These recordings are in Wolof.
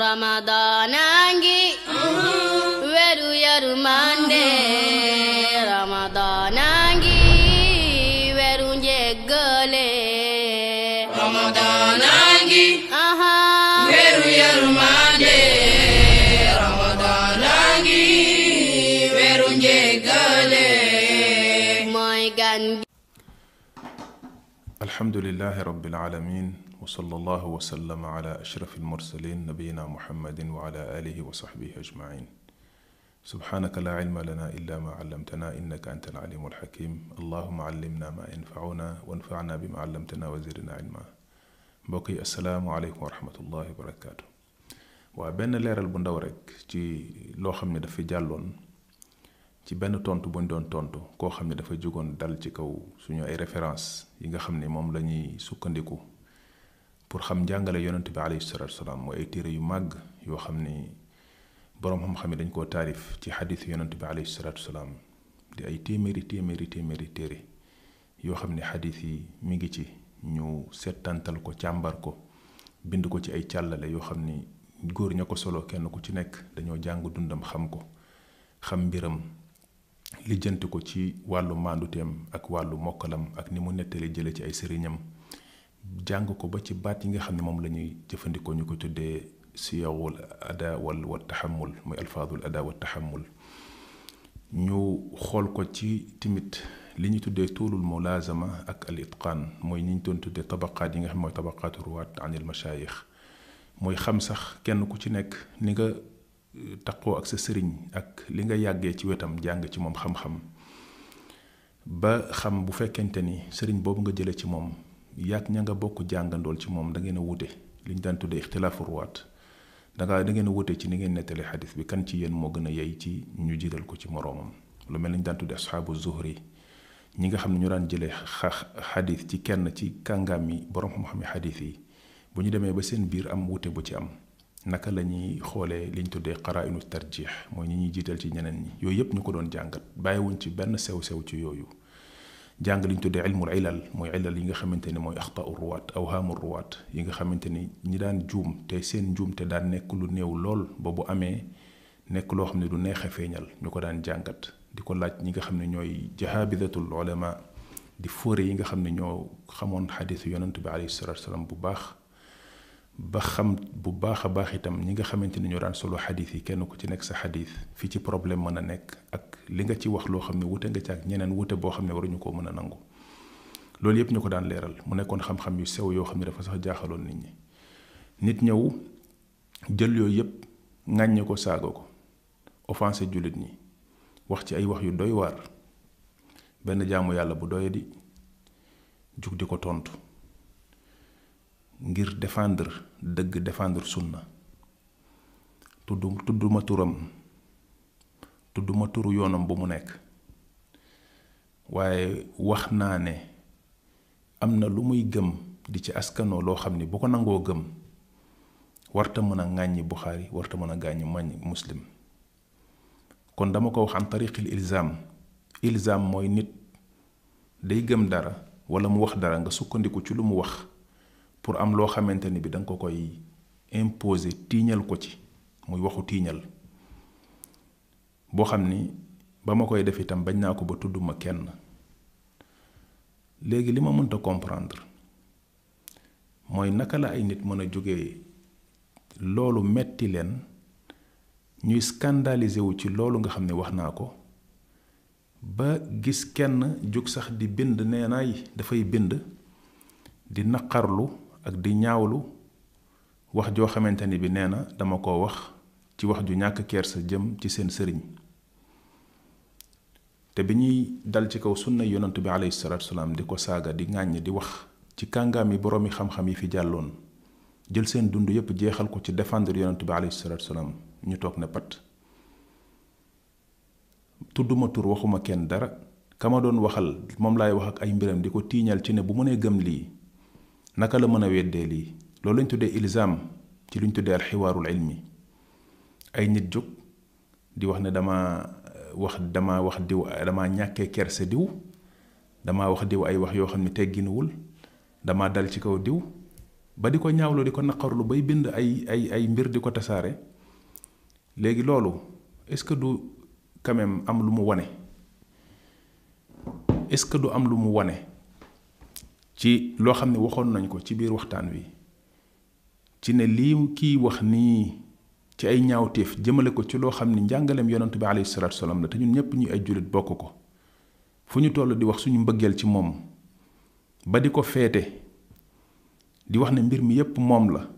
ramadaana ngi weeru yërmande ramadaana ngi weeru njéggale ramadaana ngi weeru yërmande ramadaana ngi weeru njéggale mooy gan gi alhamdulillahi rabbil alamin وصلى الله وسلم على أشرف المرسلين نبينا محمد وعلى آله وصحبه أجمعين سبحانك لا علم لنا إلا ما علمتنا إنك أنت العليم الحكيم اللهم علمنا ما ينفعنا وانفعنا بما علمتنا وزرنا علما بقي السلام عليكم ورحمة الله وبركاته وبين ليرال البندورك جي لو خمني دفي جالون ci benn tontu buñ doon tontu koo xam ne dafa jógoon dal ci kaw suñu ay référence yi nga xam ne moom la ñuy sukkandiku pour xam jàngale yonent bi alayhi salatu wasalaam mooy ay téere yu màgg yoo xam ni borom xam-xam yi dañ koo taarif ci xadis yonent bi alayhi salatu wasalaam di ay téeméeri téeméeri téeméeri téere yoo xam ne xadis yi mi ngi ci ñu settantal ko càmbar ko bind ko ci ay càllale yoo xam ni góor ña ko solo kenn ku ci nekk dañoo jàng dundam xam ko xam mbiram lijjanti ko ci wàllu mànduteem ak wàllu mokkalam ak ni mu nettali jële ci ay sëriñam jàng ko ba ci baat yi nga xam ne moom la ñuy jëfandikoo ñu ko tuddee siyawul ada wal wa taxamul muy alfaadul ada wa taxamul ñu xool ko ci timit li ñu tuddee tuulul mulazama ak al itqaan mooy ñi ñu doon tuddee tabaqaat yi nga xam mooy tabaqaatu ruwaat anil mashayikh mooy xam sax kenn ku ci nekk ni nga taqoo ak sa sëriñ ak li nga yàggee ci wetam jàng ci moom xam-xam ba xam bu fekkente ni sëriñ boobu nga jëlee ci moom yàgg ña nga bokk jàngandool ci moom da ngeen a wute li ñu daan tuddee ixtilaafu ruwaat danga dangeen a wute ci ni ngeen nettali xadis bi kan ci yéen moo gën a yey ci ñu jiital ko ci moroomam lu mel ni ñu daan tuddee asxaabu zuhri ñi nga xam ne ñu daan jëlee xadis ci kenn ci kàngaam yi borom xam-xam yi xadis yi bu ñu demee ba seen biir am wute bu ci am naka la ñuy xoolee li ñu tuddee qarainu tarjix mooy ñi ñuy jiital ci ñeneen ñi yooyu yëpp ñu ko doon jàngat bàyyiwuñ ci benn sew-sew ci yooyu جانغ لين تودي علم العلل موي علل ليغا خامتاني موي اخطاء الروات اوهام الروات ييغا خامتاني ني دان جوم تي سين جوم تي دان نيك لو نيو لول بوبو امي نيك لو خامني دو نيه فينال نيكو دان جانغات ديكو لاج نيغا خامني نوي جهابذه العلماء دي فوري ييغا خامني نيو خامون حديث يونس عليه الصلاه والسلام بو ba xam bu baax a baax itam ñi nga xamante ni ñu daan solo xadis yi kenn ku ci nekk sa xadis fii ci problème mën a nekk ak li nga ci wax loo xam ne wute nga ci ak ñeneen wute boo xam ne waruñu koo mën a nangu loolu yëpp ñu ko daan leeral mu nekkoon xam-xam yu sew yoo xam ne dafa sax jaaxaloon nit ñi nit ñëw jël yooyu yëpp ŋàññe ko saago ko offensé jullit ñi wax ci ay wax yu doy waar benn jaamu yàlla bu di jug di ko tontu. ngir défendre dëgg défendre sunna tudd tudd ma turam tudd ma turu yoonam bu mu nekk waaye wax naa ne am na lu muy gëm di ci askanoo loo xam ni bu ko nangoo gëm warta mën a ŋàññi buxaari warta mën a gàññi màññ muslim kon dama ko wax am tariqil ilzam ilzam mooy nit day gëm dara walla mu wax dara nga sukkandiku ci lu mu wax pour am loo xamante ni bi danga nga ko koy imposer tiiñal ko ci muy waxu tiiñal boo xam ni ba ma koy def itam bañ naa ko ba tudd ma kenn léegi li ma mënta comprendre mooy naka la ay nit mën a jóge loolu metti leen ñuy scandaliser wu ci loolu nga xam ne wax naa ko ba gis kenn jóg sax di bind nee naay dafay bind di naqarlu ak di ñaawlu wax joo xamante ni bi nee na dama ko wax ci wax ju ñàkk ker sa jëm ci seen sëriñ te bi ñuy dal ci kaw sunna yonent bi alayhi salaatu salaam di ko saaga di ŋàññ di wax ci kàngaam yi boroomi xam-xam yi fi jàlloon jël seen dund yépp jeexal ko ci défendre yonent bi alayhi salaatu salaam ñu toog ne pat tudduma tur waxuma kenn dara ka doon waxal moom laay wax ak ay mbiram di ko tiiñal ci ne bu mënee gëm lii naka la mën a weddee lii loolu lañ tuddee ilzam ci luñ tuddee alxiwaarul ilmi ay nit jóg di wax ne dama wax dama wax diw dama ñàkkee kerse diw dama wax diw ay wax yoo xam ne tegginuwul dama dal ci kaw diw ba di ko ñaawlu di ko naqarlu bay bind ay ay ay mbir di ko tasaare léegi loolu est ce que du quand même am lu mu wane est ce que du am lu mu wane ci loo xam ne waxoon nañ ko ci biir waxtaan wi ci ne lii kii wax nii ci ay ñaawteef jëmale ko ci loo xam ne njàngaleem yonent bi alayhi salaatu salaam la te ñun ñëpp ñuy ay jullit bokk ko fu ñu toll di wax suñu mbëggeel ci moom ba di ko feete di wax ne mbir mi yépp moom la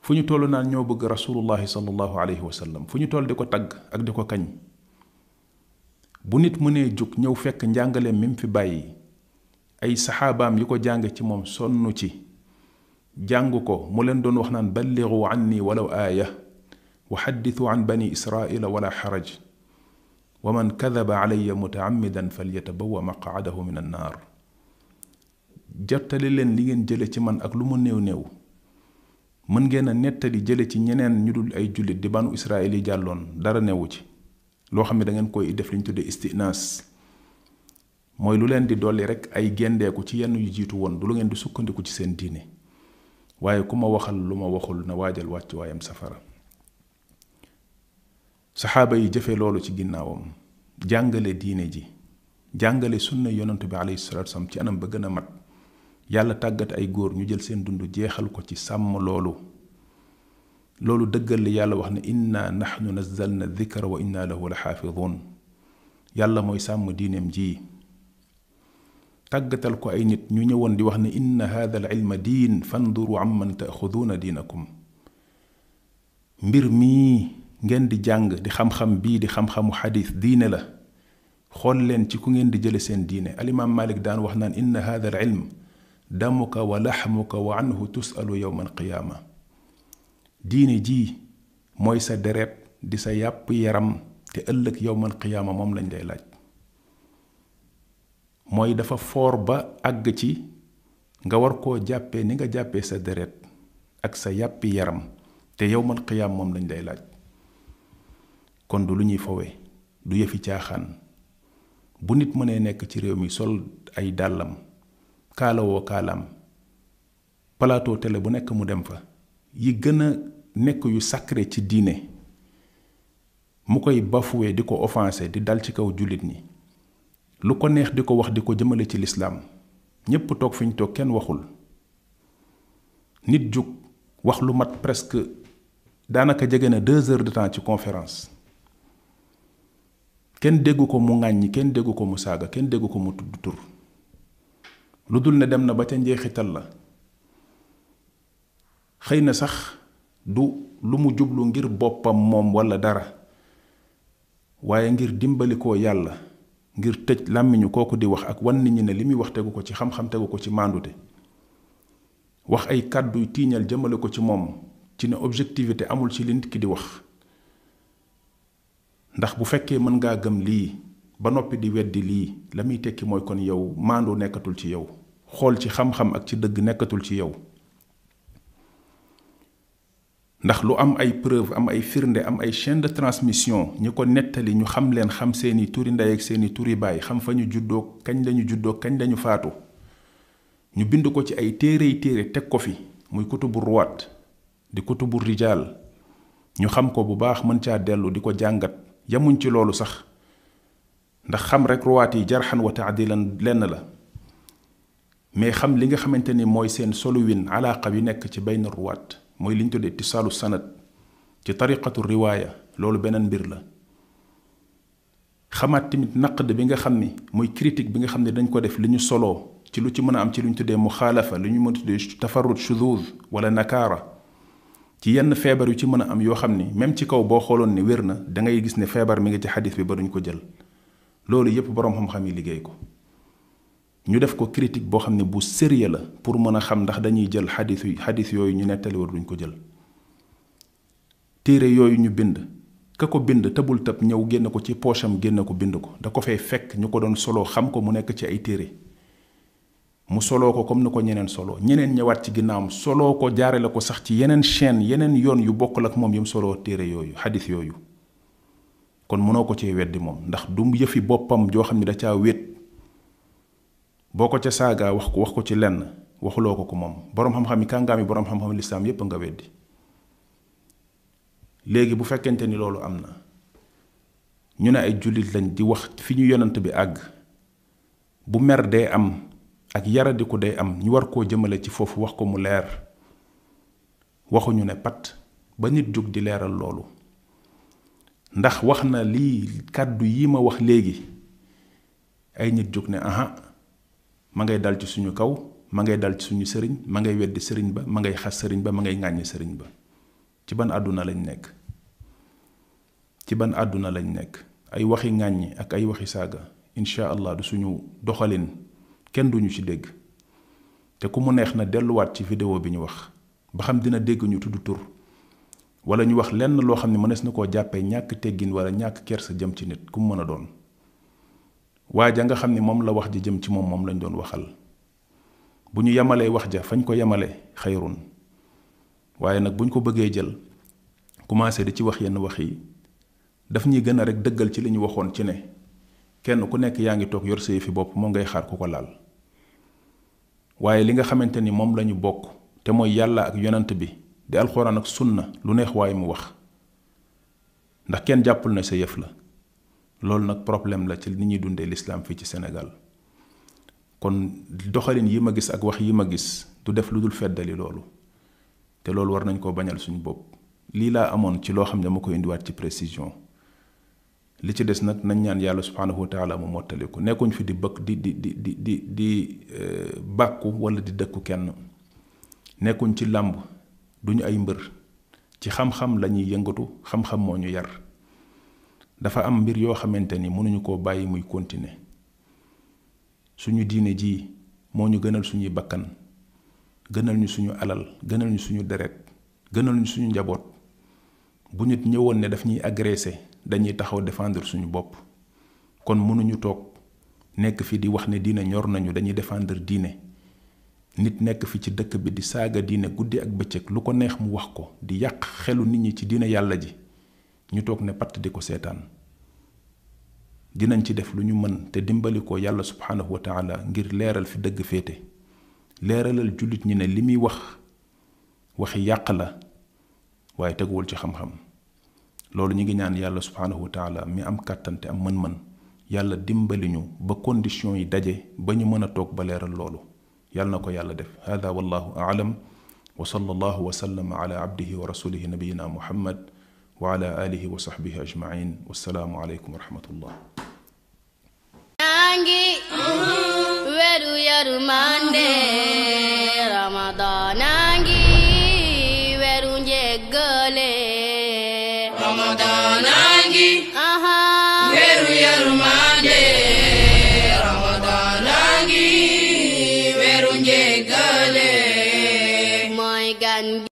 fu ñu toll naan ñoo bëgg rasulullahi sallallahu alayhi wa fu ñu toll di ko tagg ak di ko kañ bu nit mënee jóg ñëw fekk njàngaleem mi mu fi bàyyi ay saxaabaam yi ko jàng ci moom sonn ci jàng ko mu leen doon wax naan balligu anni walaw aya wa xadditu an bani israila wala haraj wa man kadaba alaya mutaamidan falyatabawa maqaadahu min annaar jottali leen li ngeen jële ci man ak lu mu néew néew mën ngeen a nettali jële ci ñeneen ñu dul ay jullit di banu israil yi dara newu ci loo xam da ngeen koy def liñ tudde istinaas mooy lu leen di dolli rek ay gendeeku ci yenn yu jiitu woon du la ngeen di sukkandiku ci seen diine waaye ku ma waxal lu ma waxul na waajal wàcc waayam safara saxaaba yi jëfe loolu ci ginnaawam jàngale diine ji jàngale sunna yonantu bi alayhi salaatu salaam ci anam ba gën a mat yàlla tàggat ay góor ñu jël seen dund jeexal ko ci sàmm loolu loolu dëggal yàlla wax ne inna naxnu nazzalna dikra wa inna lahu la xaafidun yàlla mooy sàmm diineem ji tàggatal ko ay nit ñu ñëwoon di wax ne inna hada al ilma diin fanduru amman taaxuduuna diinakum mbir mii ngeen di jàng di xam-xam bii di xam-xamu xadis diine la xool leen ci ku ngeen di jële seen diine alimaam malik daan wax naan inna hada al ilm damuka wa laxmuka wa anhu tusalu yowma alqiyaama diine jii mooy sa deret di sa yàpp yaram te ëllëg yowma alqiyaama moom lañ lay laaj mooy dafa foor ba àgg ci nga war koo jàppee ni nga jàppee sa deret ak sa yàppi yaram te yowmal qiyaam moom lañ lay laaj kon du lu ñuy fowe du yëfi caaxaan bu nit mënee nekk ci réew mi sol ay dàllam kaalawoo kaalam plateau télé bu nekk mu dem fa yi gën a nekk yu sacré ci diine mu koy bafuwe di ko offensé di dal ci kaw jullit ni lu ko neex di ko wax di ko jëmale ci lislaam ñépp toog fi ñu toog kenn waxul nit jug wax lu mat presque daanaka jege na deux heures de temps ci conférence kenn dégg ko mu ŋàññi kenn dégg ko mu saaga kenn dégg ko mu tudd tur lu dul ne dem na ba ca njeexital la xëy na sax du lu mu jublu ngir boppam moom walla dara waaye ngir dimbali ko yàlla ngir tëj làmmiñu kooku di wax ak wan nit ñi ne li muy wax tegu ko ci xam-xam tegu ko ci màndute wax ay kàddu tiiñal jëmale ko ci moom ci ne objectivité amul ci li nit ki di wax ndax bu fekkee mën ngaa gëm lii ba noppi di weddi lii la muy tekki mooy kon yow maandu nekkatul ci yow xool ci xam-xam ak ci dëgg nekkatul ci yow ndax lu am ay preuve am ay firnde am ay chaîne de transmission ñi ko nettali ñu xam leen xam seeni turi nday ak seeni turi bay xam fa ñu juddoo kañ lañu juddoo kañ lañu faatu ñu bind ko ci ay téerey téere teg ko fi muy kutubu ruwat di kutubu rijal ñu xam ko bu baax mën caa dellu di ko jàngat yamuñ ci loolu sax ndax xam rek ruwat yi jarxan wa taadilan lenn la mais xam li nga xamante ni mooy seen soluwin alaqa wi nekk ci bayn ruwat mooy li ñu tuddee tisaalu sanad ci tariqatu riwaaya loolu beneen mbir la xamaat tamit naqd bi nga xam ni mooy critique bi nga xam ne dañ ko def li ñu soloo ci lu ci mën a am ci lu ñu tuddee muxaalafa lu ñu mën a tuddee tafarrut shudud wala nakaara ci yenn feebar yu ci mën a am yoo xam ni même ci kaw boo xooloon ni wér na da ngay gis ne feebar mi ngi ci xadis bi ba duñ ko jël loolu yépp boroom xam-xam yi liggéey ko ñu def ko critique boo xam ne bu sérieux la pour mën a xam ndax dañuy jël xadis yi xadis yooyu ñu nettali war ñu ko jël téere yooyu ñu bind ka ko bind tëbul tëb ñëw génne ko ci poosam génne ko bind ko da ko fay fekk ñu ko doon soloo xam ko mu nekk ci ay téere mu soloo ko comme ni ko ñeneen soloo ñeneen ñëwaat ci ginnaawam soloo ko jaare la ko sax ci yeneen chaîne yeneen yoon yu bokk ak moom yam solo téere yooyu xadis yooyu kon mënoo ko cee weddi moom ndax du yëfi boppam joo xam ne da caa wéet boo ko ca saaga wax ko wax ko ci lenn waxuloo ko ko moom boroom xam-xam yi kàngaami boroom xam-xam lislaam yépp nga weddi léegi bu fekkente ni loolu am na ñu ne ay jullit lañ di wax fi ñu yonant bi àgg bu mer dee am ak yaradiku dee am ñu war koo jëmale ci foofu wax ko mu leer waxuñu ne pat ba nit jóg di leeral loolu ndax wax na lii kàddu yi ma wax léegi ay nit jóg ne aha ma ngay dal ci suñu kaw ma ngay dal ci suñu sëriñ ma ngay weddi sëriñ ba ma ngay xas sëriñ ba ma ngay ŋàññi sëriñ ba ci ban àdduna lañ nekk ci ban àdduna lañ nekk ay waxi ŋàññi ak ay waxi saaga incha allah du suñu doxalin kenn duñu ci dégg te ku mu neex na delluwaat ci vidéo bi ñu wax ba xam dina dégg ñu tudd tur wala ñu wax lenn loo xam ne mënees na koo jàppee ñàkk teggin wala ñàkk kersa jëm ci nit ku mu mën a doon waa ja nga xam ni moom la wax ji jëm ci moom moom lañu doon waxal bu ñu yemalee wax ja fañ ko yemale xayrun waaye nag bu ñu ko bëggee jël commencé di ci wax yenn wax yi daf ñuy gën a rek dëggal ci li ñu waxoon ci ne kenn ku nekk yaa ngi toog yor sa yëfi bopp moo ngay xaar ku ko laal waaye li nga xamante ni moom lañu bokk te mooy yàlla ak yonant bi di alxuraan ak sunna lu neex waaye mu wax ndax kenn jàppul na sa yëf la loolu nag problème la ci ni ñuy dundee lislaam fii ci senegal kon doxalin yi ma gis ak wax yi ma gis du def lu dul feddali loolu te loolu war nañ koo bañal suñu bopp lii laa amoon ci loo xam ne ma koy indiwaat ci précision li ci des nag nañ ñaan yàlla subhaanahu wa taala mu mottali ko nekkuñ fi di bëgg di di di di di di euh, bàkku walla di dëkku kenn nekkuñ ci làmb duñu ay mbër ci xam-xam lañuy yëngatu xam-xam moo ñu yar dafa am mbir yoo xamante ni mënuñu koo bàyyi muy continuer suñu diine ji moo ñu gënal suñuy bakkan gënal ñu suñu alal gënal ñu suñu deret gënal ñu suñu njaboot bu ñu ñëwoon ne daf ñuy agressé dañuy taxaw défendre suñu bopp kon mënuñu toog nekk fi di wax ne diine ñor nañu dañuy défendre diine nit nekk fi ci dëkk bi di saaga diine guddi ak bëccëg lu ko neex mu wax ko di yàq xelu nit ñi ci diine yàlla ji ñu toog ne patt di ko seetaan dinañ ci def lu ñu mën te dimbali ko yàlla subhanahu wa taala ngir leeral fi dëgg féete leeralal jullit ñi ne li muy wax waxi yàq la waaye teguwul ci xam-xam loolu ñu ngi ñaan yàlla subhanahu wa taala mi am kàttan am mën-mën yàlla dimbali ñu ba condition yi daje ba ñu mën a toog ba leeral loolu yàlla na ko yàlla def hada wallahu alam wa sallallahu wa sallama ala abdihi wa rasulihi nabiyina muhammad وعلى آله وصحبه أجمعين والسلام عليكم ورحمة الله Yangi, Veru